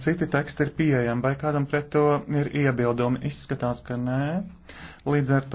Citi teksti ir pieejami, vai kādam pret to ir iebildumi? Izskatās, ka nē. Līdz ar to